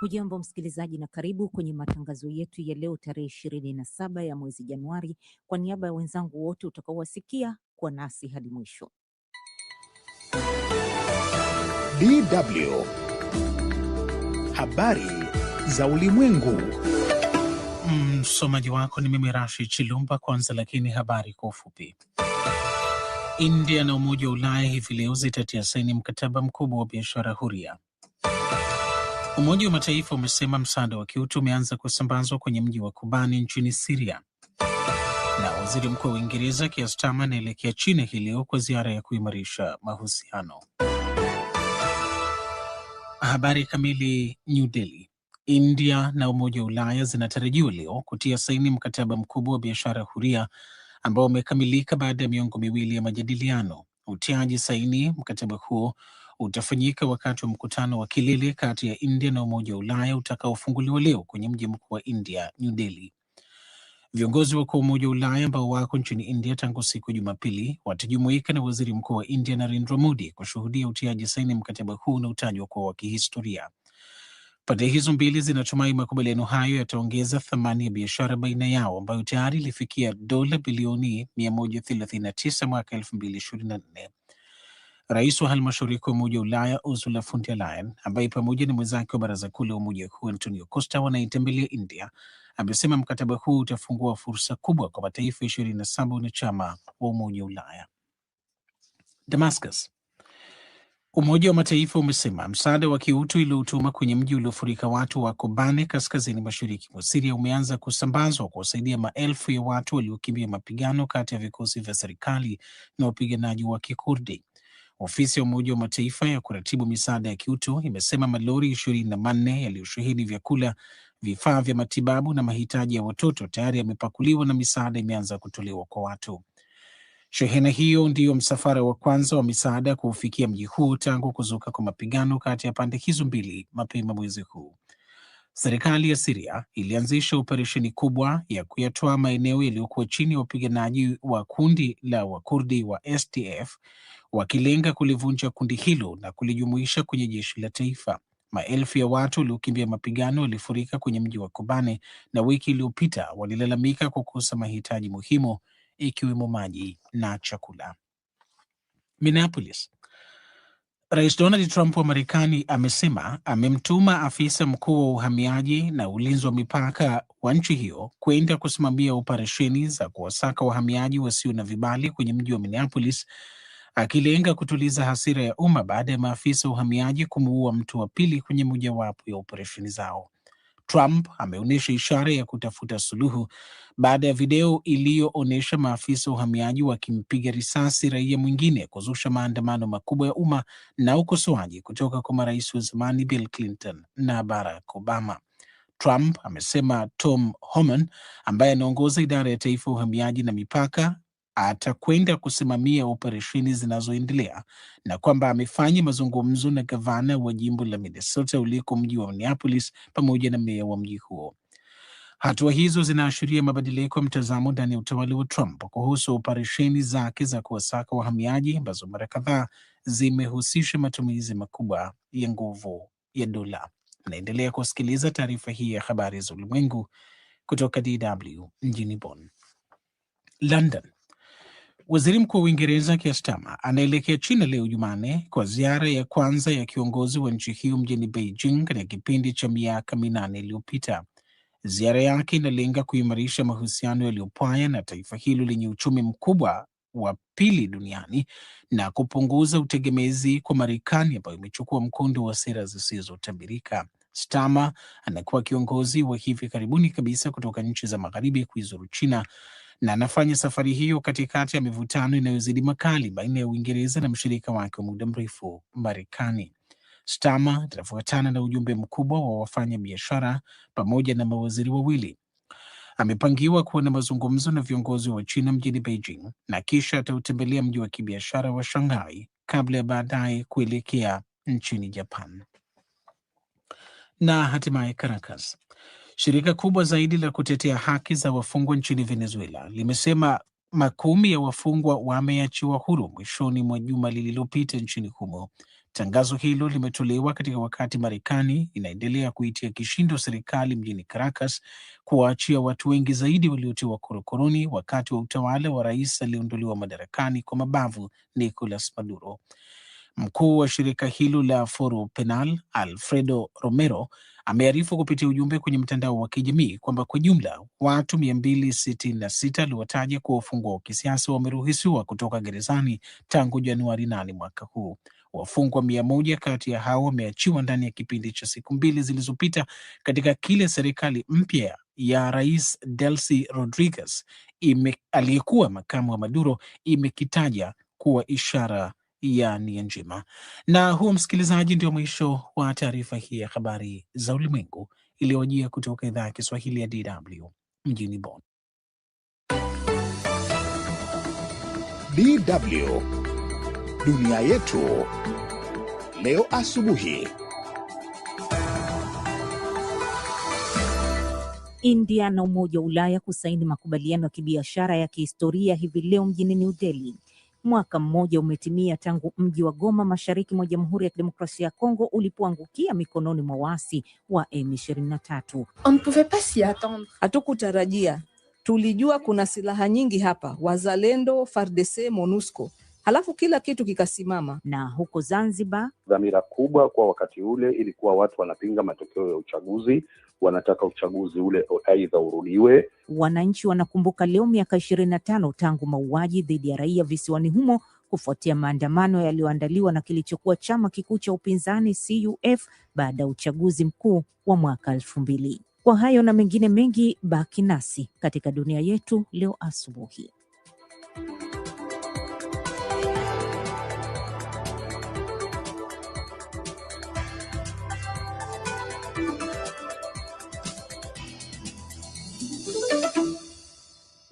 Hujambo msikilizaji, na karibu kwenye matangazo yetu ya leo tarehe ishirini na saba ya mwezi Januari. Kwa niaba ya wenzangu wote utakaowasikia kuwa nasi hadi mwisho. DW habari za ulimwengu. Msomaji wako ni mimi Rashi Chilumba. Kwanza lakini habari kwa ufupi. India na Umoja wa Ulaya hivi leo zitatia saini mkataba mkubwa wa biashara huria Umoja wa Mataifa umesema msaada wa kiutu umeanza kusambazwa kwenye mji wa kubani nchini Siria. Na waziri mkuu wa Uingereza Keir Starmer anaelekea China hii leo kwa ziara ya kuimarisha mahusiano. Habari kamili. New Delhi. India na Umoja wa Ulaya zinatarajiwa leo kutia saini mkataba mkubwa wa biashara huria ambao umekamilika baada ya miongo miwili ya majadiliano. Utiaji saini mkataba huo utafanyika wakati wa mkutano wa kilele kati ya India na Umoja wa Ulaya utakaofunguliwa leo kwenye mji mkuu wa India, New Delhi. Viongozi wakuu wa Umoja wa Ulaya ambao wako nchini India tangu siku ya Jumapili watajumuika na waziri mkuu wa India Narendra Modi kushuhudia utiaji saini mkataba huu unaotajwa kuwa wa kihistoria. Pande hizo mbili zinatumai makubaliano hayo yataongeza thamani ya biashara baina yao ambayo tayari ilifikia dola bilioni 139 mwaka 2024. Rais wa halmashauri kuu ya Umoja wa Ulaya Ursula von der Leyen, ambaye pamoja na mwenzake wa baraza kuu la umoja huu Antonio Costa wanaitembelea India, amesema mkataba huu utafungua fursa kubwa kwa mataifa ishirini na saba wanachama wa Umoja wa Ulaya. Damascus. Umoja wa Mataifa umesema msaada wa kiutu iliotuma kwenye mji uliofurika watu wa Kobane kaskazini mashariki mwa Siria umeanza kusambazwa kuwasaidia maelfu ya watu waliokimbia mapigano kati ya vikosi vya serikali na wapiganaji wa Kikurdi. Ofisi ya Umoja wa Mataifa ya kuratibu misaada ya kiutu imesema malori ishirini na manne yaliyosheheni vyakula, vifaa vya matibabu na mahitaji ya watoto tayari yamepakuliwa na misaada imeanza kutolewa kwa watu. Shehena hiyo ndiyo msafara wa kwanza wa misaada kuufikia mji huu tangu kuzuka kwa mapigano kati ya pande hizo mbili mapema mwezi huu. Serikali ya Siria ilianzisha operesheni kubwa ya kuyatoa maeneo yaliyokuwa chini ya wapiganaji wa kundi la Wakurdi wa SDF wakilenga kulivunja kundi hilo na kulijumuisha kwenye jeshi la taifa. Maelfu ya watu waliokimbia mapigano walifurika kwenye mji wa Kobane na wiki iliyopita walilalamika kwa kukosa mahitaji muhimu ikiwemo maji na chakula. Minneapolis. Rais Donald Trump wa Marekani amesema amemtuma afisa mkuu wa uhamiaji na ulinzi wa mipaka wa nchi hiyo kwenda kusimamia operesheni za kuwasaka wahamiaji wasio na vibali kwenye mji wa Minneapolis akilenga kutuliza hasira ya umma baada ya maafisa wa uhamiaji kumuua mtu wa pili kwenye mojawapo ya operesheni zao. Trump ameonyesha ishara ya kutafuta suluhu baada ya video iliyoonyesha maafisa wa uhamiaji wakimpiga risasi raia mwingine kuzusha maandamano makubwa ya umma na ukosoaji kutoka kwa marais wa zamani Bill Clinton na Barack Obama. Trump amesema Tom Homan ambaye anaongoza idara ya taifa ya uhamiaji na mipaka atakwenda kusimamia operesheni zinazoendelea na kwamba amefanya mazungumzo na gavana wa jimbo la Minnesota uliko mji wa Minneapolis pamoja na meya wa mji huo. Hatua hizo zinaashiria mabadiliko ya mtazamo ndani ya utawala wa Trump kuhusu operesheni zake za kuwasaka wahamiaji ambazo mara kadhaa zimehusisha matumizi makubwa ya nguvu ya dola. Naendelea kusikiliza taarifa hii ya habari za ulimwengu kutoka DW mjini Bonn. London Waziri Mkuu wa Uingereza Keir Starmer anaelekea China leo Jumanne kwa ziara ya kwanza ya kiongozi wa nchi hiyo mjini Beijing katika kipindi cha miaka minane iliyopita. Ziara yake inalenga kuimarisha mahusiano yaliyopaya na taifa hilo lenye uchumi mkubwa wa pili duniani na kupunguza utegemezi kwa Marekani ambayo imechukua mkondo wa sera zisizotabirika. Starmer anakuwa kiongozi wa hivi karibuni kabisa kutoka nchi za magharibi kuizuru China na anafanya safari hiyo katikati ya mivutano inayozidi makali baina ya Uingereza na mshirika wake wa muda mrefu Marekani. Stama atafuatana na ujumbe mkubwa wa wafanya biashara pamoja na mawaziri wawili. Amepangiwa kuwa na mazungumzo na viongozi wa China mjini Beijing na kisha atautembelea mji wa kibiashara wa Shanghai kabla ya baadaye kuelekea nchini Japan na hatimaye Caracas. Shirika kubwa zaidi la kutetea haki za wafungwa nchini Venezuela limesema makumi ya wafungwa wameachiwa huru mwishoni mwa juma lililopita nchini humo. Tangazo hilo limetolewa katika wakati Marekani inaendelea kuitia kishindo serikali mjini Caracas kuwaachia watu wengi zaidi waliotiwa korokoroni wakati wa utawala wa rais aliyeondoliwa madarakani kwa mabavu Nicolas Maduro. Mkuu wa shirika hilo la Foro Penal Alfredo Romero amearifu kupitia ujumbe kwenye mtandao wa kijamii kwamba kwa jumla watu 266 aliwataja kuwa wafungwa wa kisiasa wameruhusiwa kutoka gerezani tangu Januari 8 mwaka huu. Wafungwa mia moja kati ya hao wameachiwa ndani ya kipindi cha siku mbili zilizopita katika kile serikali mpya ya Rais Delcy Rodriguez aliyekuwa makamu wa Maduro imekitaja kuwa ishara ya nia njema. Na huo, msikilizaji, ndio mwisho wa taarifa hii ya habari za ulimwengu iliyojia kutoka idhaa ya Kiswahili ya DW mjini Bonn. DW dunia yetu leo asubuhi. India na Umoja wa Ulaya kusaini makubaliano ya kibiashara ya kihistoria hivi leo mjini New Delhi Mwaka mmoja umetimia tangu mji wa Goma mashariki mwa Jamhuri ya Kidemokrasia ya Kongo ulipoangukia mikononi mwa waasi wa M23. Hatukutarajia, tulijua kuna silaha nyingi hapa, wazalendo, FARDC, MONUSCO halafu kila kitu kikasimama. Na huko Zanzibar, dhamira kubwa kwa wakati ule ilikuwa watu wanapinga matokeo ya uchaguzi, wanataka uchaguzi ule aidha urudiwe. Wananchi wanakumbuka leo miaka ishirini na tano tangu mauaji dhidi ya raia visiwani humo kufuatia maandamano yaliyoandaliwa na kilichokuwa chama kikuu cha upinzani CUF baada ya uchaguzi mkuu wa mwaka elfu mbili. Kwa hayo na mengine mengi, baki nasi katika Dunia Yetu Leo Asubuhi.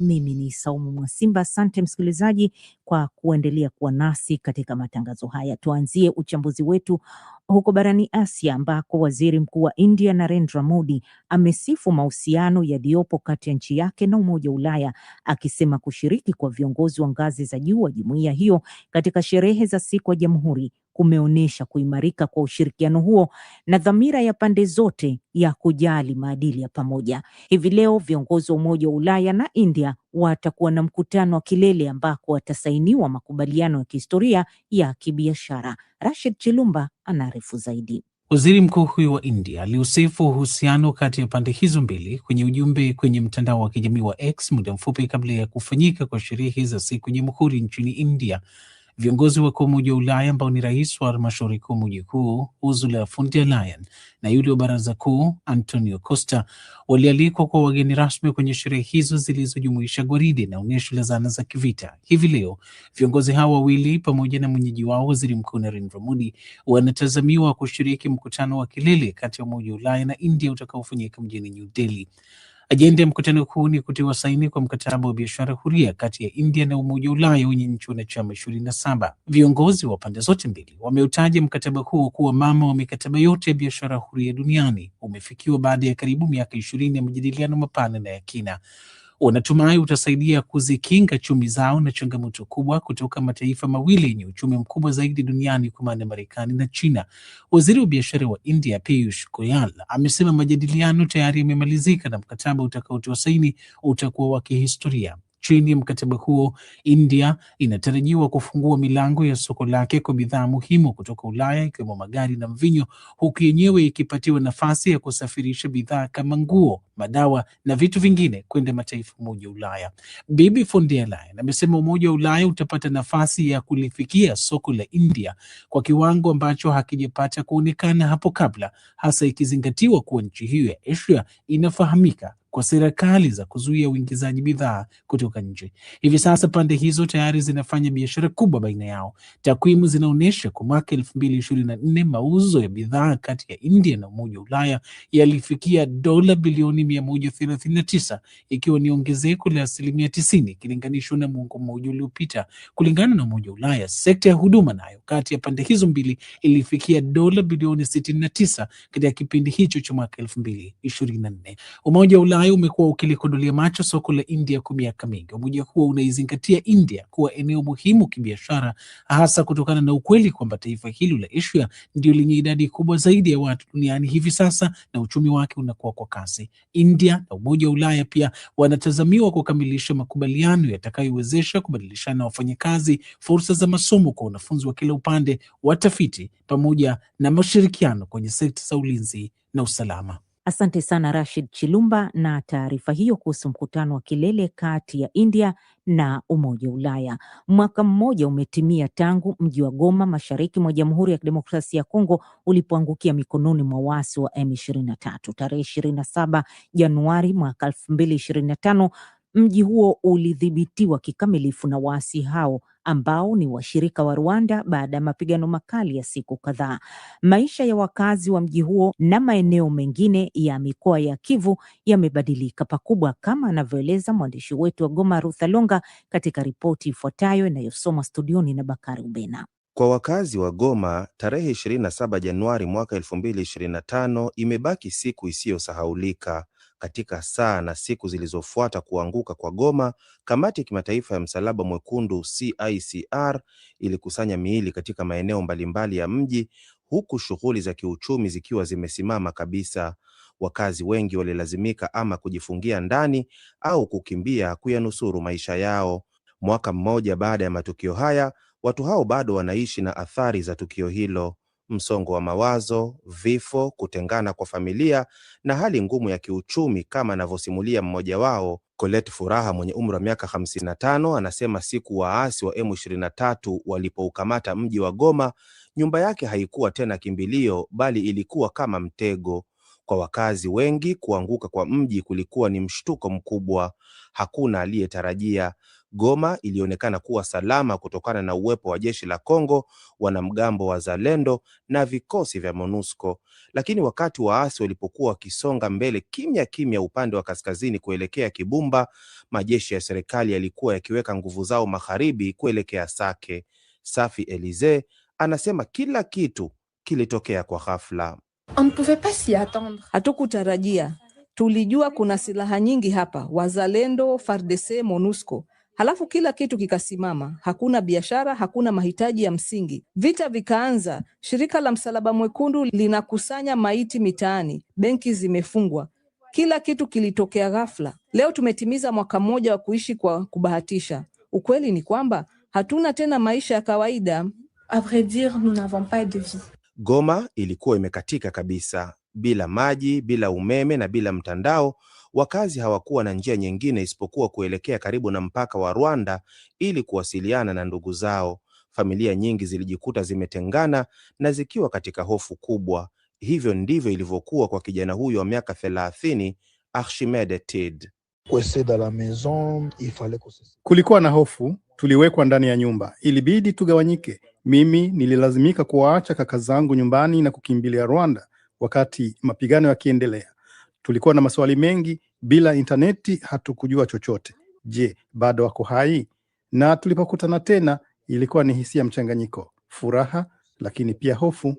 Mimi ni Saumu Mwasimba. Asante msikilizaji kwa kuendelea kuwa nasi katika matangazo haya. Tuanzie uchambuzi wetu huko barani Asia ambako waziri mkuu wa India Narendra Modi amesifu mahusiano yaliyopo kati ya nchi yake na Umoja wa Ulaya akisema kushiriki kwa viongozi wa ngazi za juu wa jumuiya hiyo katika sherehe za siku ya Jamhuri kumeonyesha kuimarika kwa ushirikiano huo na dhamira ya pande zote ya kujali maadili ya pamoja. Hivi leo viongozi wa Umoja wa Ulaya na India watakuwa na mkutano wa kilele ambako watasainiwa makubaliano ya kihistoria ya kibiashara. Rashid Chilumba anaarifu zaidi. Waziri mkuu huyu wa India aliusifu uhusiano kati ya pande hizo mbili kwenye ujumbe kwenye mtandao wa kijamii wa X muda mfupi kabla ya kufanyika kwa sherehe za siku ya Jamhuri nchini India Viongozi wakuu Umoja wa Ulaya ambao ni rais wa halmashauri kuu mji Kuu Ursula von der Leyen na yule wa baraza kuu Antonio Costa walialikwa kwa wageni rasmi kwenye sherehe hizo zilizojumuisha gwaridi na onyesho la zana za kivita. Hivi leo viongozi hao wawili pamoja na mwenyeji wao waziri mkuu Narendra Modi wanatazamiwa kushiriki mkutano wa kilele kati ya Umoja wa Ulaya na India utakaofanyika mjini New Delhi. Ajenda ya mkutano huu ni kutiwa saini kwa mkataba wa biashara huria kati ya India na Umoja wa Ulaya wenye nchi wanachama ishirini na saba. Viongozi wa pande zote mbili wameutaja mkataba huo kuwa mama wa mikataba yote ya biashara huria duniani. Umefikiwa baada ya karibu miaka ishirini ya majadiliano mapana na ya kina unatumai utasaidia kuzikinga chumi zao na changamoto kubwa kutoka mataifa mawili yenye uchumi mkubwa zaidi duniani kwa maana Marekani na China. Waziri wa biashara wa India Piyush Goyal amesema majadiliano tayari yamemalizika na mkataba utakaotiwa saini utakuwa wa kihistoria. Chini ya mkataba huo, India inatarajiwa kufungua milango ya soko lake kwa bidhaa muhimu kutoka Ulaya ikiwemo magari na mvinyo, huku yenyewe ikipatiwa nafasi ya kusafirisha bidhaa kama nguo, madawa na vitu vingine kwenda mataifa Umoja wa Ulaya. Bibi von der Leyen amesema Umoja wa Ulaya utapata nafasi ya kulifikia soko la India kwa kiwango ambacho hakijapata kuonekana hapo kabla, hasa ikizingatiwa kuwa nchi hiyo ya Asia inafahamika kwa serikali za kuzuia uingizaji bidhaa kutoka nje. Hivi sasa pande hizo tayari zinafanya biashara kubwa baina yao. Takwimu zinaonyesha kwa mwaka elfu mbili ishirini na nne mauzo ya bidhaa kati ya India na Umoja wa Ulaya yalifikia dola bilioni mia moja thelathini na tisa ikiwa ni ongezeko la asilimia tisini ikilinganishwa na mwongo mmoja uliopita. Kulingana na Umoja wa Ulaya, sekta ya huduma nayo kati ya pande hizo mbili ilifikia dola bilioni sitini na tisa katika kipindi hicho cha mwaka elfu mbili ishirini na nne. Umoja wa Ulaya ambayo umekuwa ukilikodolia macho soko la India kwa miaka mingi. Umoja huo unaizingatia India kuwa eneo muhimu kibiashara, hasa kutokana na ukweli kwamba taifa hilo la Asia ndio lenye idadi kubwa zaidi ya watu duniani hivi sasa na uchumi wake unakuwa kwa kasi. India na Umoja wa Ulaya pia wanatazamiwa kukamilisha makubaliano yatakayowezesha kubadilishana wafanyakazi, fursa za masomo kwa wanafunzi wa kila upande, watafiti, pamoja na mashirikiano kwenye sekta za ulinzi na usalama. Asante sana Rashid Chilumba na taarifa hiyo kuhusu mkutano wa kilele kati ya India na Umoja wa Ulaya. Mwaka mmoja umetimia tangu mji wa Goma mashariki mwa Jamhuri ya Kidemokrasia ya Kongo ulipoangukia mikononi mwa waasi wa M23. Tarehe 27 Januari mwaka 2025 Mji huo ulidhibitiwa kikamilifu na waasi hao ambao ni washirika wa Rwanda baada ya mapigano makali ya siku kadhaa. Maisha ya wakazi wa mji huo na maeneo mengine ya mikoa ya Kivu yamebadilika pakubwa, kama anavyoeleza mwandishi wetu wa Goma Rutha Longa katika ripoti ifuatayo inayosoma studioni na Bakari Ubena. Kwa wakazi wa Goma, tarehe 27 Januari mwaka 2025 imebaki siku isiyosahaulika katika saa na siku zilizofuata kuanguka kwa Goma, kamati ya kimataifa ya msalaba mwekundu CICR ilikusanya miili katika maeneo mbalimbali ya mji, huku shughuli za kiuchumi zikiwa zimesimama kabisa. Wakazi wengi walilazimika ama kujifungia ndani au kukimbia kuyanusuru maisha yao. Mwaka mmoja baada ya matukio haya, watu hao bado wanaishi na athari za tukio hilo msongo wa mawazo, vifo, kutengana kwa familia na hali ngumu ya kiuchumi, kama anavyosimulia mmoja wao Colette Furaha mwenye umri wa miaka 55 anasema siku waasi wa M23 walipoukamata mji wa Goma, nyumba yake haikuwa tena kimbilio bali ilikuwa kama mtego. Kwa wakazi wengi, kuanguka kwa mji kulikuwa ni mshtuko mkubwa, hakuna aliyetarajia. Goma ilionekana kuwa salama kutokana na uwepo wa jeshi la Kongo, wanamgambo wa Zalendo na vikosi vya MONUSCO. Lakini wakati waasi walipokuwa wakisonga mbele kimya kimya upande wa kaskazini kuelekea Kibumba, majeshi ya serikali yalikuwa yakiweka nguvu zao magharibi kuelekea Sake. Safi Elize anasema kila kitu kilitokea kwa ghafla. Hatukutarajia, tulijua kuna silaha nyingi hapa, wazalendo, FARDC, MONUSCO halafu kila kitu kikasimama, hakuna biashara, hakuna mahitaji ya msingi. Vita vikaanza, shirika la Msalaba Mwekundu linakusanya maiti mitaani, benki zimefungwa, kila kitu kilitokea ghafla. Leo tumetimiza mwaka mmoja wa kuishi kwa kubahatisha. Ukweli ni kwamba hatuna tena maisha ya kawaida. A vrai dire, nous n'avons pas de vie. Goma ilikuwa imekatika kabisa, bila maji, bila umeme na bila mtandao. Wakazi hawakuwa na njia nyingine isipokuwa kuelekea karibu na mpaka wa Rwanda ili kuwasiliana na ndugu zao. Familia nyingi zilijikuta zimetengana na zikiwa katika hofu kubwa. Hivyo ndivyo ilivyokuwa kwa kijana huyo wa miaka thelathini Archimede Tid. Kulikuwa na hofu, tuliwekwa ndani ya nyumba, ilibidi tugawanyike. Mimi nililazimika kuwaacha kaka zangu nyumbani na kukimbilia Rwanda wakati mapigano yakiendelea. Tulikuwa na maswali mengi, bila intaneti hatukujua chochote. Je, bado wako hai? Na tulipokutana tena, ilikuwa ni hisia mchanganyiko, furaha lakini pia hofu.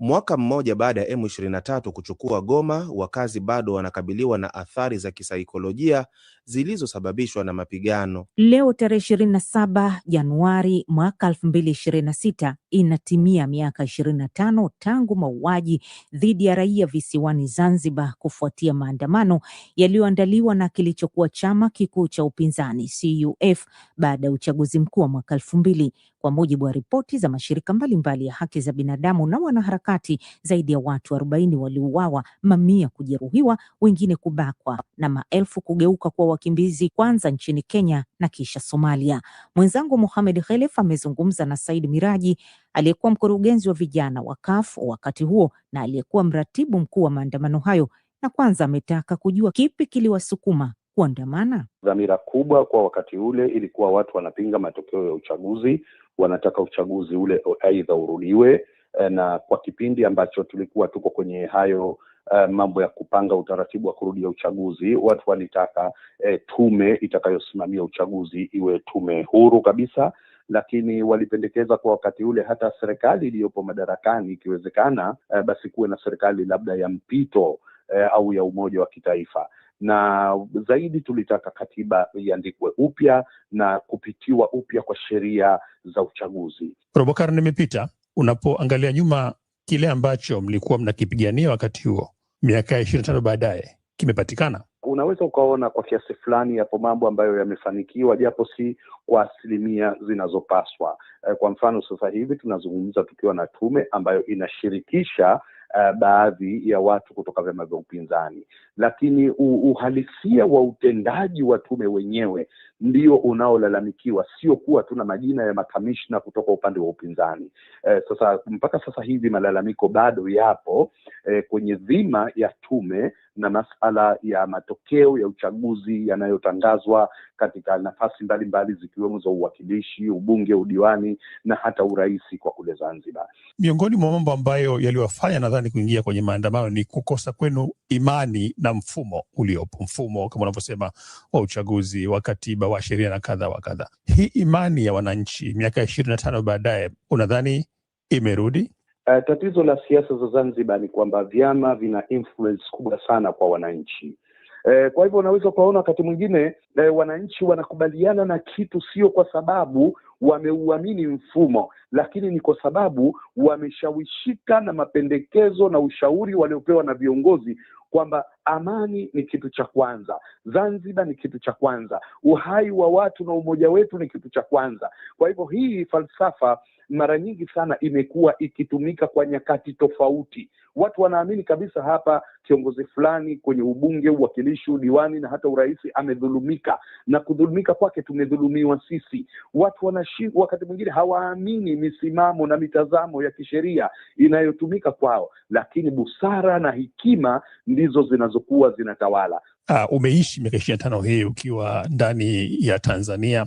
Mwaka mmoja baada ya M23 kuchukua Goma, wakazi bado wanakabiliwa na athari za kisaikolojia zilizosababishwa na mapigano. Leo tarehe 27 Januari mwaka 2026 inatimia miaka 25 tangu mauaji dhidi ya raia visiwani Zanzibar kufuatia maandamano yaliyoandaliwa na kilichokuwa chama kikuu cha upinzani CUF baada ya uchaguzi mkuu wa mwaka 2000 kwa mujibu wa ripoti za mashirika mbalimbali mbali ya haki za binadamu na wanaharakati wakati zaidi ya watu arobaini waliuawa, mamia kujeruhiwa, wengine kubakwa na maelfu kugeuka kuwa wakimbizi, kwanza nchini Kenya na kisha Somalia. Mwenzangu Mohamed Khelef amezungumza na Said Miraji aliyekuwa mkurugenzi wa vijana wa CUF wakati huo na aliyekuwa mratibu mkuu wa maandamano hayo, na kwanza ametaka kujua kipi kiliwasukuma kuandamana. Dhamira kubwa kwa wakati ule ilikuwa watu wanapinga matokeo ya uchaguzi, wanataka uchaguzi ule aidha urudiwe Eh, na kwa kipindi ambacho tulikuwa tuko kwenye hayo Uh, mambo ya kupanga utaratibu wa kurudia uchaguzi, watu walitaka eh, tume itakayosimamia uchaguzi iwe tume huru kabisa, lakini walipendekeza kwa wakati ule hata serikali iliyopo madarakani ikiwezekana, eh, basi kuwe na serikali labda ya mpito eh, au ya umoja wa kitaifa na zaidi tulitaka katiba iandikwe upya na kupitiwa upya kwa sheria za uchaguzi. Robo karne imepita unapoangalia nyuma kile ambacho mlikuwa mnakipigania wakati huo miaka ya ishirini na tano baadaye kimepatikana unaweza ukaona kwa kiasi fulani yapo mambo ambayo yamefanikiwa japo si kwa asilimia zinazopaswa. Eh, kwa mfano, sasa hivi tunazungumza tukiwa na tume ambayo inashirikisha uh, baadhi ya watu kutoka vyama vya upinzani, lakini uhalisia wa utendaji wa tume wenyewe ndio unaolalamikiwa, sio kuwa tu na majina ya makamishna kutoka upande wa upinzani. Eh, sasa mpaka sasa hivi malalamiko bado yapo eh, kwenye dhima ya tume na masala ya matokeo ya uchaguzi yanayotangazwa katika nafasi mbalimbali zikiwemo za uwakilishi, ubunge, udiwani na hata uraisi kwa kule Zanzibar. Miongoni mwa mambo ambayo yaliyofanya nadhani kuingia kwenye maandamano ni kukosa kwenu imani na mfumo uliopo, mfumo kama unavyosema wa uchaguzi wa katiba mkataba wa sheria na kadha wa kadha. Hii imani ya wananchi miaka ishirini na tano baadaye unadhani imerudi? Uh, tatizo la siasa za Zanzibar ni kwamba vyama vina influence kubwa sana kwa wananchi. Eh, kwa hivyo unaweza ukaona wakati mwingine eh, wananchi wanakubaliana na kitu sio kwa sababu wameuamini mfumo, lakini ni kwa sababu wameshawishika na mapendekezo na ushauri waliopewa na viongozi kwamba amani ni kitu cha kwanza, Zanzibar ni kitu cha kwanza, uhai wa watu na umoja wetu ni kitu cha kwanza. Kwa hivyo hii falsafa mara nyingi sana imekuwa ikitumika kwa nyakati tofauti watu wanaamini kabisa hapa kiongozi fulani kwenye ubunge, uwakilishi, udiwani na hata urais amedhulumika, na kudhulumika kwake tumedhulumiwa sisi. Watu wanashi, wakati mwingine hawaamini misimamo na mitazamo ya kisheria inayotumika kwao, lakini busara na hekima ndizo zinazokuwa zinatawala. Uh, umeishi miaka ishirini na tano hii ukiwa ndani ya Tanzania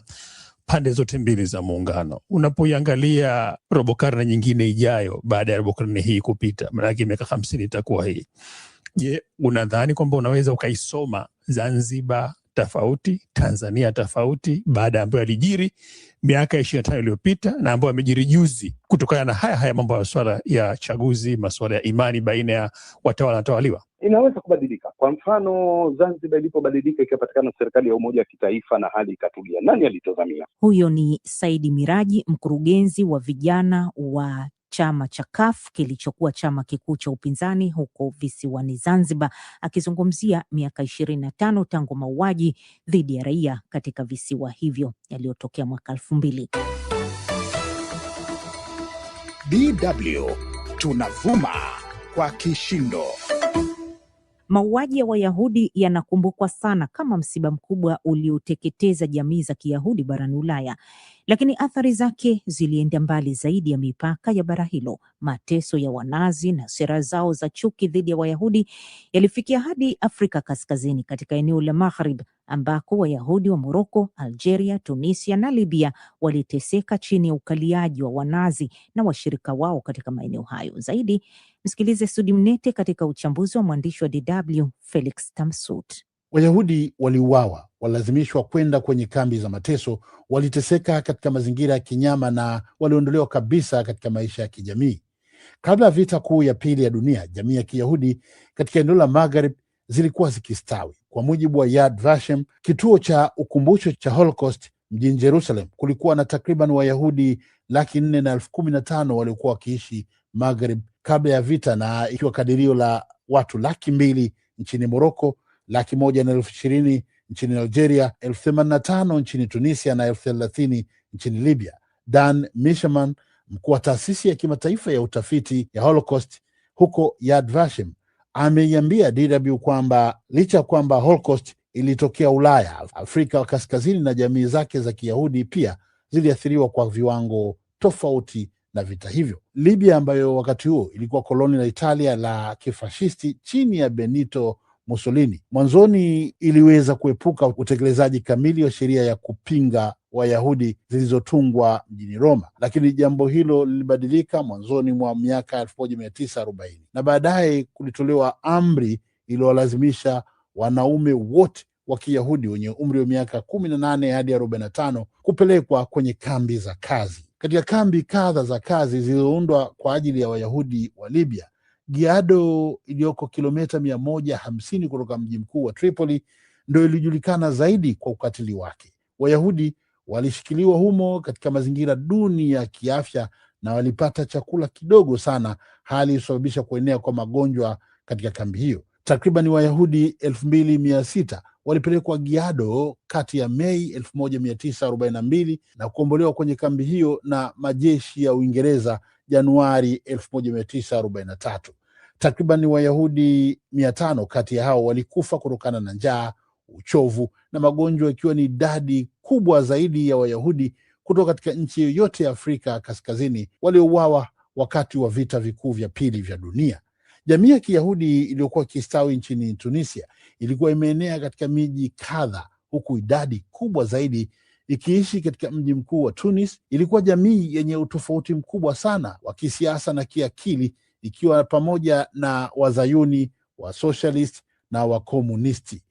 pande zote mbili za muungano. Unapoiangalia robo karne nyingine ijayo baada ya robo karne hii kupita, maanake miaka hamsini itakuwa hii. Je, unadhani kwamba unaweza ukaisoma Zanzibar tofauti, Tanzania tofauti baada ya ambayo yalijiri miaka ya ishirini na tano iliyopita na ambayo amejiri juzi kutokana na haya haya mambo ya masuala ya chaguzi, masuala ya imani baina ya watawala wanatawaliwa inaweza kubadilika. Kwa mfano, Zanzibar ilipobadilika ikapatikana serikali ya umoja wa kitaifa na hali ikatulia, nani alitazamia? Huyo ni Saidi Miraji, mkurugenzi wa vijana wa chama cha CUF kilichokuwa chama kikuu cha upinzani huko visiwani Zanzibar, akizungumzia miaka ishirini na tano tangu mauaji dhidi ya raia katika visiwa hivyo yaliyotokea mwaka elfu mbili. DW tunavuma kwa kishindo. Mauaji ya Wayahudi yanakumbukwa sana kama msiba mkubwa ulioteketeza jamii za Kiyahudi barani Ulaya, lakini athari zake zilienda mbali zaidi ya mipaka ya bara hilo. Mateso ya Wanazi na sera zao za chuki dhidi ya Wayahudi yalifikia hadi Afrika Kaskazini, katika eneo la Maghrib ambako Wayahudi wa Moroko, Algeria, Tunisia na Libya waliteseka chini ya ukaliaji wa Wanazi na washirika wao katika maeneo hayo. Zaidi msikilize Sudi Mnete katika uchambuzi wa mwandishi wa DW Felix Tamsut. Wayahudi waliuawa, walilazimishwa kwenda kwenye kambi za mateso, waliteseka katika mazingira ya kinyama na waliondolewa kabisa katika maisha ya kijamii. Kabla ya vita kuu ya pili ya dunia, jamii ya Kiyahudi katika eneo la Magharib zilikuwa zikistawi. Kwa mujibu wa Yad Vashem, kituo cha ukumbusho cha Holocaust mjini Jerusalem, kulikuwa na takriban Wayahudi laki nne na elfu kumi na tano waliokuwa wakiishi Maghreb kabla ya vita, na ikiwa kadirio la watu laki mbili nchini Moroko, laki moja na elfu ishirini nchini Algeria, elfu themanini na tano nchini Tunisia na elfu thelathini nchini Libya. Dan Mishaman, mkuu wa taasisi ya kimataifa ya utafiti ya Holocaust huko Yad Vashem, ameiambia DW kwamba licha ya kwamba Holocaust ilitokea Ulaya, Afrika Kaskazini na jamii zake za Kiyahudi pia ziliathiriwa kwa viwango tofauti na vita hivyo. Libya ambayo wakati huo ilikuwa koloni la Italia la kifashisti chini ya Benito Mussolini. Mwanzoni iliweza kuepuka utekelezaji kamili wa sheria ya kupinga Wayahudi zilizotungwa mjini Roma, lakini jambo hilo lilibadilika mwanzoni mwa miaka elfu moja mia tisa arobaini na baadaye kulitolewa amri iliyowalazimisha wanaume wote wa Kiyahudi wenye umri wa miaka kumi na nane hadi arobaini na tano kupelekwa kwenye kambi za kazi. Katika kambi kadha za kazi zilizoundwa kwa ajili ya Wayahudi wa Libya Giado iliyoko kilomita mia moja hamsini kutoka mji mkuu wa Tripoli ndio ilijulikana zaidi kwa ukatili wake. Wayahudi walishikiliwa humo katika mazingira duni ya kiafya na walipata chakula kidogo sana, hali ilisababisha kuenea kwa magonjwa katika kambi hiyo. Takriban Wayahudi elfu mbili mia sita walipelekwa Giado kati ya Mei 1942 na kuombolewa kwenye kambi hiyo na majeshi ya Uingereza Januari 1943. Takriban Wayahudi mia tano kati ya hao walikufa kutokana na njaa, uchovu na magonjwa, ikiwa ni idadi kubwa zaidi ya Wayahudi kutoka katika nchi yoyote ya Afrika Kaskazini waliouawa wakati wa vita vikuu vya pili vya dunia. Jamii ya Kiyahudi iliyokuwa kistawi nchini Tunisia ilikuwa imeenea katika miji kadha huku idadi kubwa zaidi ikiishi katika mji mkuu wa Tunis. Ilikuwa jamii yenye utofauti mkubwa sana wa kisiasa na kiakili ikiwa pamoja na wazayuni wa socialist na wakomunisti.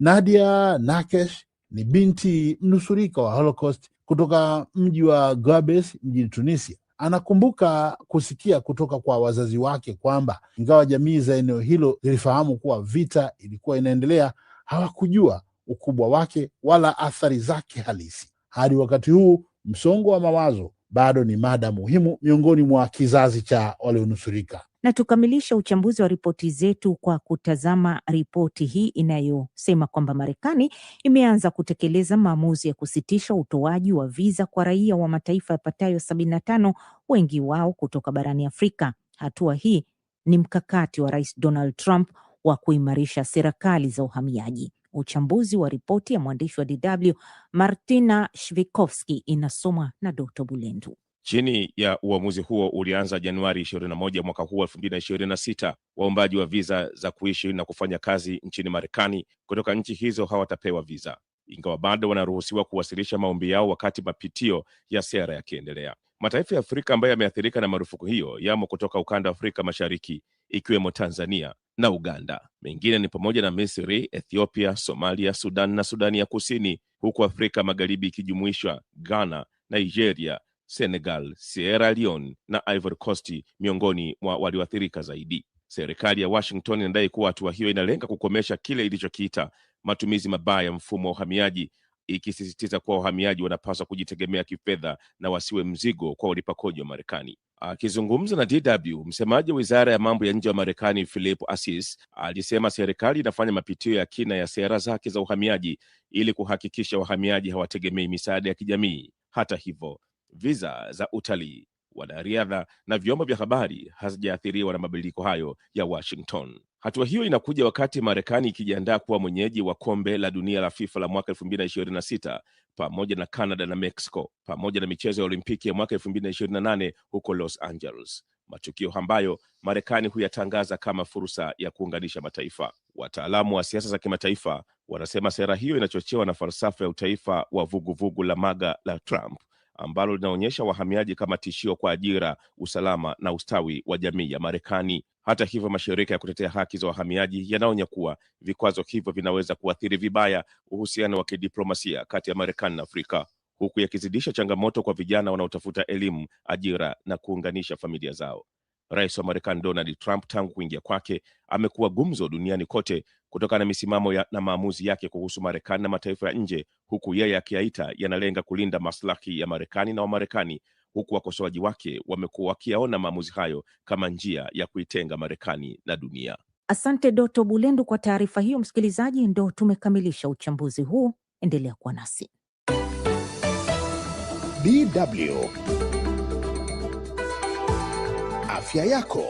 Nadia Nakesh ni binti mnusurika wa Holocaust kutoka mji wa Gabes mjini Tunisia. Anakumbuka kusikia kutoka kwa wazazi wake kwamba ingawa jamii za eneo hilo zilifahamu kuwa vita ilikuwa inaendelea, hawakujua ukubwa wake wala athari zake halisi. Hadi wakati huu msongo wa mawazo bado ni mada muhimu miongoni mwa kizazi cha walionusurika. Na tukamilisha uchambuzi wa ripoti zetu kwa kutazama ripoti hii inayosema kwamba Marekani imeanza kutekeleza maamuzi ya kusitisha utoaji wa viza kwa raia wa mataifa yapatayo sabini na tano, wengi wao kutoka barani Afrika. Hatua hii ni mkakati wa Rais Donald Trump wa kuimarisha serikali za uhamiaji. Uchambuzi wa ripoti ya mwandishi wa DW Martina Shvikovski inasomwa na Dr. Bulendu. Chini ya uamuzi huo ulianza Januari 21 mwaka huu 2026, waombaji wa viza za kuishi na kufanya kazi nchini Marekani kutoka nchi hizo hawatapewa viza, ingawa bado wanaruhusiwa kuwasilisha maombi yao wakati mapitio ya sera yakiendelea. Mataifa ya Afrika ambayo yameathirika na marufuku hiyo yamo kutoka ukanda wa Afrika Mashariki, ikiwemo Tanzania, na Uganda. Mengine ni pamoja na Misri, Ethiopia, Somalia, Sudan na Sudani ya Kusini, huku Afrika Magharibi ikijumuishwa Ghana, Nigeria, Senegal, Sierra Leone na Ivory Coast miongoni mwa walioathirika zaidi. Serikali ya Washington inadai kuwa hatua hiyo inalenga kukomesha kile ilichokiita matumizi mabaya ya mfumo wa uhamiaji, ikisisitiza kuwa wahamiaji wanapaswa kujitegemea kifedha na wasiwe mzigo kwa walipa kodi wa Marekani. Akizungumza na DW, msemaji wa wizara ya mambo ya nje wa Marekani Philip Assis alisema serikali inafanya mapitio ya kina ya sera zake za uhamiaji ili kuhakikisha wahamiaji hawategemei misaada ya kijamii. Hata hivyo, viza za utalii, wanariadha na vyombo vya habari hazijaathiriwa na mabadiliko hayo ya Washington. Hatua hiyo inakuja wakati Marekani ikijiandaa kuwa mwenyeji wa kombe la dunia la FIFA la mwaka elfu mbili na ishirini na sita pamoja na Canada na Mexico pamoja na michezo ya Olimpiki ya mwaka nane huko Los Angeles, matukio ambayo Marekani huyatangaza kama fursa ya kuunganisha mataifa. Wataalamu wa siasa za kimataifa wanasema sera hiyo inachochewa na falsafa ya utaifa wa vuguvugu la MAGA la Trump ambalo linaonyesha wahamiaji kama tishio kwa ajira, usalama na ustawi wa jamii ya Marekani. Hata hivyo, mashirika ya kutetea haki za wahamiaji yanaonya kuwa vikwazo hivyo vinaweza kuathiri vibaya uhusiano wa kidiplomasia kati ya Marekani na Afrika, huku yakizidisha changamoto kwa vijana wanaotafuta elimu, ajira na kuunganisha familia zao. Rais wa Marekani Donald Trump tangu kuingia kwake amekuwa gumzo duniani kote kutokana na misimamo ya, na maamuzi yake kuhusu Marekani na mataifa ya nje, huku yeye akiaita yanalenga kulinda maslahi ya Marekani na Wamarekani huku wakosoaji wake wamekuwa wakiyaona maamuzi hayo kama njia ya kuitenga Marekani na dunia. Asante Doto Bulendu kwa taarifa hiyo. Msikilizaji, ndo tumekamilisha uchambuzi huu. Endelea kuwa nasi. DW Afya Yako.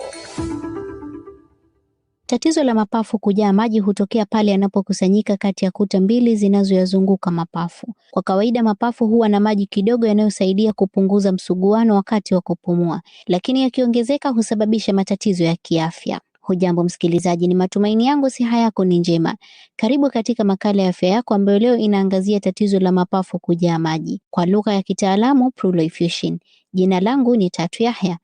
Tatizo la mapafu kujaa maji hutokea pale yanapokusanyika kati ya kuta mbili zinazoyazunguka mapafu. Kwa kawaida, mapafu huwa na maji kidogo yanayosaidia kupunguza msuguano wakati wa kupumua, lakini yakiongezeka husababisha matatizo ya kiafya. Hujambo msikilizaji, ni matumaini yangu siha yako ni njema. Karibu katika makala ya afya yako ambayo leo inaangazia tatizo la mapafu kujaa maji, kwa lugha ya kitaalamu proliferasion. Jina langu ni Tatu Yahya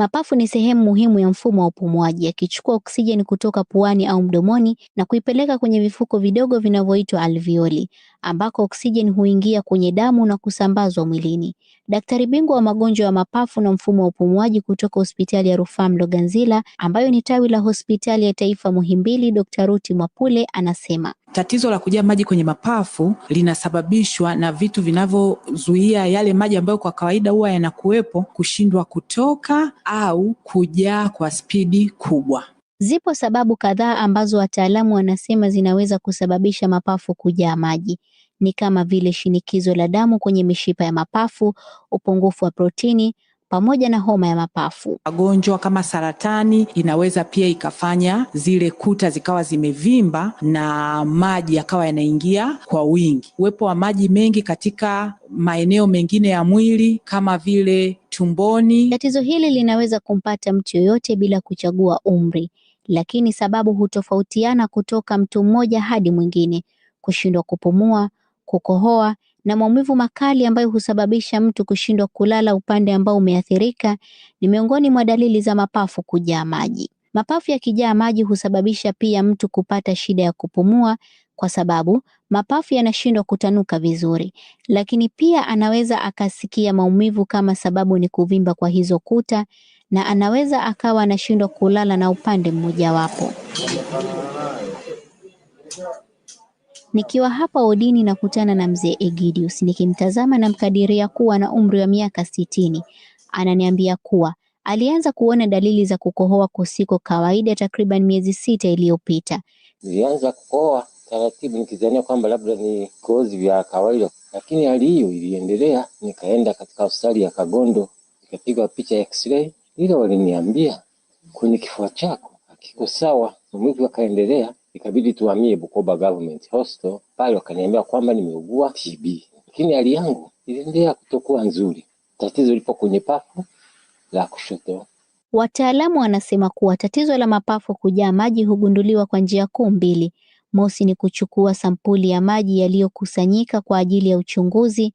Mapafu ni sehemu muhimu ya mfumo wa upumuaji, yakichukua oksijeni kutoka puani au mdomoni na kuipeleka kwenye vifuko vidogo vinavyoitwa alveoli, ambako oksijeni huingia kwenye damu na kusambazwa mwilini. Daktari bingwa wa magonjwa ya mapafu na mfumo wa upumuaji kutoka hospitali ya rufaa Mloganzila ambayo ni tawi la hospitali ya taifa Muhimbili, Dr. ruti mwapule anasema Tatizo la kujaa maji kwenye mapafu linasababishwa na vitu vinavyozuia yale maji ambayo kwa kawaida huwa yanakuwepo kushindwa kutoka au kujaa kwa spidi kubwa. Zipo sababu kadhaa ambazo wataalamu wanasema zinaweza kusababisha mapafu kujaa maji ni kama vile shinikizo la damu kwenye mishipa ya mapafu, upungufu wa protini pamoja na homa ya mapafu. Magonjwa kama saratani inaweza pia ikafanya zile kuta zikawa zimevimba na maji yakawa yanaingia kwa wingi. Uwepo wa maji mengi katika maeneo mengine ya mwili kama vile tumboni. Tatizo hili linaweza kumpata mtu yoyote bila kuchagua umri, lakini sababu hutofautiana kutoka mtu mmoja hadi mwingine: kushindwa kupumua, kukohoa na maumivu makali ambayo husababisha mtu kushindwa kulala upande ambao umeathirika ni miongoni mwa dalili za mapafu kujaa maji. Mapafu yakijaa maji husababisha pia mtu kupata shida ya kupumua kwa sababu mapafu yanashindwa kutanuka vizuri, lakini pia anaweza akasikia maumivu kama sababu ni kuvimba kwa hizo kuta, na anaweza akawa anashindwa kulala na upande mmojawapo. Nikiwa hapa wodini nakutana na mzee Egidius nikimtazama na mkadiria kuwa na umri wa miaka sitini. Ananiambia kuwa alianza kuona dalili za kukohoa kusiko kawaida takriban miezi sita iliyopita. Nilianza kukohoa taratibu nikizania kwamba labda ni kozi vya kawaida, lakini hali hiyo iliendelea. Nikaenda katika hospitali ya Kagondo nikapigwa picha ya x-ray, ila waliniambia kwenye kifua chako hakiko sawa. Maumivu yakaendelea Ikabidi tuhamie Bukoba Government Hostel. pale wakaniambia kwamba nimeugua TB, lakini hali yangu iliendelea kutokuwa nzuri. Tatizo lipo kwenye pafu la kushoto. Wataalamu wanasema kuwa tatizo la mapafu kujaa maji hugunduliwa kwa njia kuu mbili. Mosi ni kuchukua sampuli ya maji yaliyokusanyika kwa ajili ya uchunguzi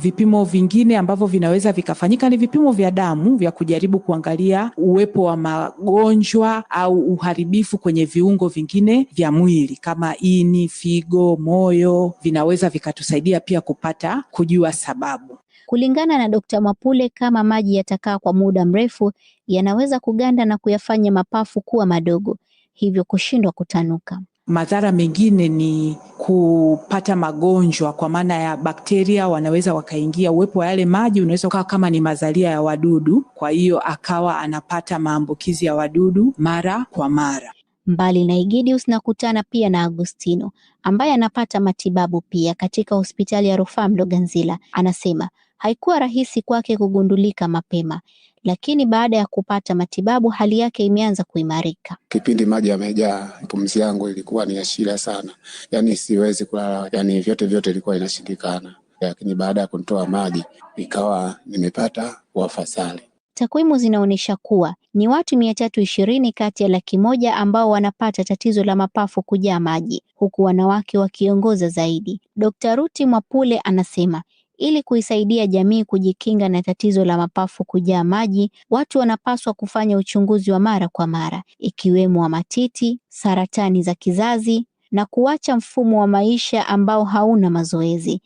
Vipimo vingine ambavyo vinaweza vikafanyika ni vipimo vya damu vya kujaribu kuangalia uwepo wa magonjwa au uharibifu kwenye viungo vingine vya mwili kama ini, figo, moyo, vinaweza vikatusaidia pia kupata kujua sababu. Kulingana na Dkt. Mapule, kama maji yatakaa kwa muda mrefu, yanaweza kuganda na kuyafanya mapafu kuwa madogo, hivyo kushindwa kutanuka. Madhara mengine ni kupata magonjwa kwa maana ya bakteria wanaweza wakaingia. Uwepo wa yale maji unaweza ukawa kama ni mazalia ya wadudu, kwa hiyo akawa anapata maambukizi ya wadudu mara kwa mara. Mbali na Egidius nakutana pia na Agustino ambaye anapata matibabu pia katika hospitali ya rufaa Mloganzila. Anasema Haikuwa rahisi kwake kugundulika mapema, lakini baada ya kupata matibabu hali yake imeanza kuimarika. Kipindi maji yamejaa, pumzi yangu ilikuwa ni ya shida sana, yaani siwezi kulala, yaani vyote vyote ilikuwa inashindikana, lakini baada ya kunitoa maji ikawa nimepata wafasali. Takwimu zinaonyesha kuwa ni watu mia tatu ishirini kati ya laki moja ambao wanapata tatizo la mapafu kujaa maji, huku wanawake wakiongoza zaidi. Dr. Ruti Mwapule anasema ili kuisaidia jamii kujikinga na tatizo la mapafu kujaa maji, watu wanapaswa kufanya uchunguzi wa mara kwa mara, ikiwemo wa matiti, saratani za kizazi na kuacha mfumo wa maisha ambao hauna mazoezi.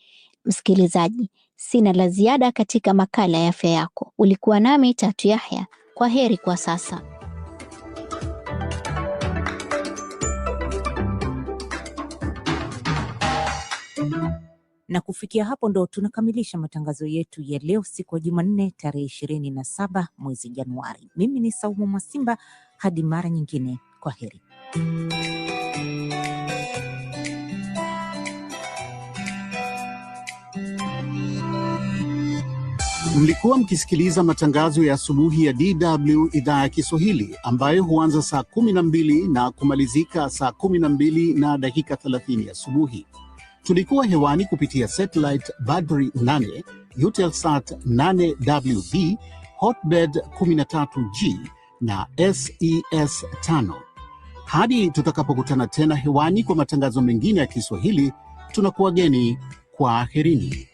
Msikilizaji, sina la ziada katika makala ya afya yako. Ulikuwa nami Tatu Yahya. Kwa heri kwa sasa. na kufikia hapo ndo tunakamilisha matangazo yetu ya leo siku ya Jumanne tarehe ishirini na saba mwezi Januari. Mimi ni Saumu Mwasimba, hadi mara nyingine, kwa heri. Mlikuwa mkisikiliza matangazo ya asubuhi ya DW idhaa ya Kiswahili ambayo huanza saa 12 na kumalizika saa 12 na dakika 30 asubuhi. Tulikuwa hewani kupitia satellite Badri 8, Utelsat 8WB, Hotbed 13G na SES 5. E Hadi tutakapokutana tena hewani kwa matangazo mengine ya Kiswahili, geni kwa aherini.